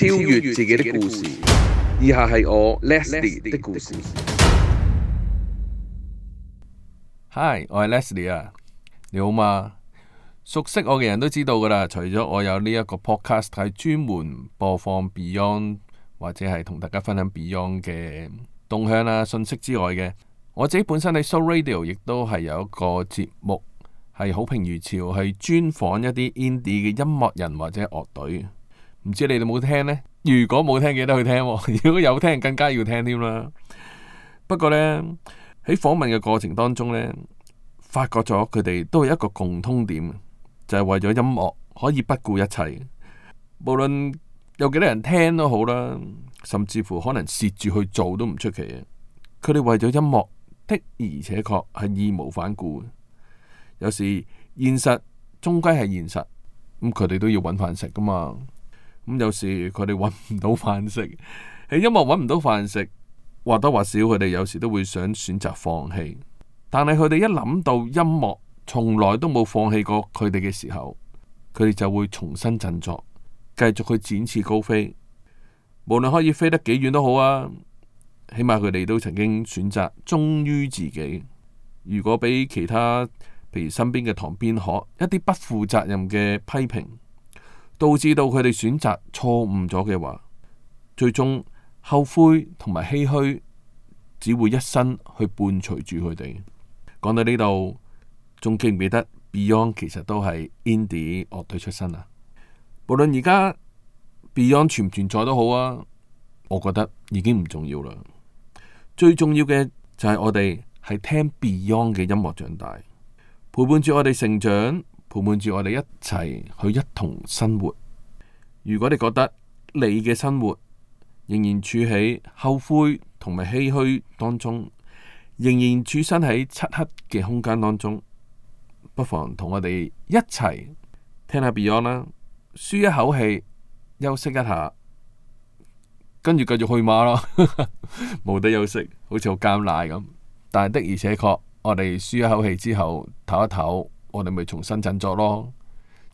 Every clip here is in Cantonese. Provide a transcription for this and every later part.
超越，超越自己的故事，以下係我 Leslie 的故事。Hi，我係 Leslie 啊，你好嘛？熟悉我嘅人都知道噶啦，除咗我有呢一個 podcast 係專門播放 Beyond 或者係同大家分享 Beyond 嘅動向啊、信息，之外嘅，我自己本身喺 Show Radio 亦都係有一個節目係好評如潮，係專訪一啲 Indie 嘅音樂人或者樂隊。唔知你哋冇聽呢？如果冇聽，記得去聽； 如果有聽，更加要聽添啦。不過呢，喺訪問嘅過程當中呢，發覺咗佢哋都有一個共通點，就係為咗音樂可以不顧一切，無論有幾多人聽都好啦，甚至乎可能蝕住去做都唔出奇啊！佢哋為咗音樂的而且確係義無反顧。有時現實終歸係現實，咁佢哋都要揾飯食噶嘛。咁、嗯、有時佢哋揾唔到飯食，喺音樂揾唔到飯食，或多或少佢哋有時都會想選擇放棄。但係佢哋一諗到音樂從來都冇放棄過佢哋嘅時候，佢哋就會重新振作，繼續去展翅高飛。無論可以飛得幾遠都好啊，起碼佢哋都曾經選擇忠於自己。如果俾其他，譬如身邊嘅唐編可一啲不負責任嘅批評。導致到佢哋選擇錯誤咗嘅話，最終後悔同埋唏噓只會一生去伴隨住佢哋。講到呢度，仲記唔記得 Beyond 其實都係 indie 樂隊出身啊？無論而家 Beyond 存唔存在都好啊，我覺得已經唔重要啦。最重要嘅就係我哋係聽 Beyond 嘅音樂長大，陪伴住我哋成長。陪伴住我哋一齊去一同生活。如果你覺得你嘅生活仍然處喺後悔同埋唏噓當中，仍然處身喺漆黑嘅空間當中，不妨同我哋一齊聽下 Beyond 啦，舒一口氣，休息一下，跟住繼續去馬咯。冇得休息，好似好艱難咁。但係的而且確，我哋舒一口氣之後，唞一唞。我哋咪重新振作咯，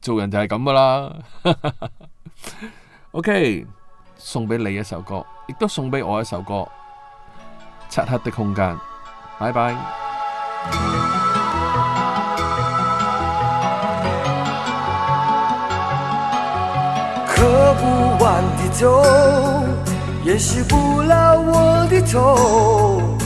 做人就係咁噶啦。 OK，送俾你一首歌，亦都送俾我一首歌，《漆黑的空間》。拜拜。喝不完的酒，也洗不甩我的頭。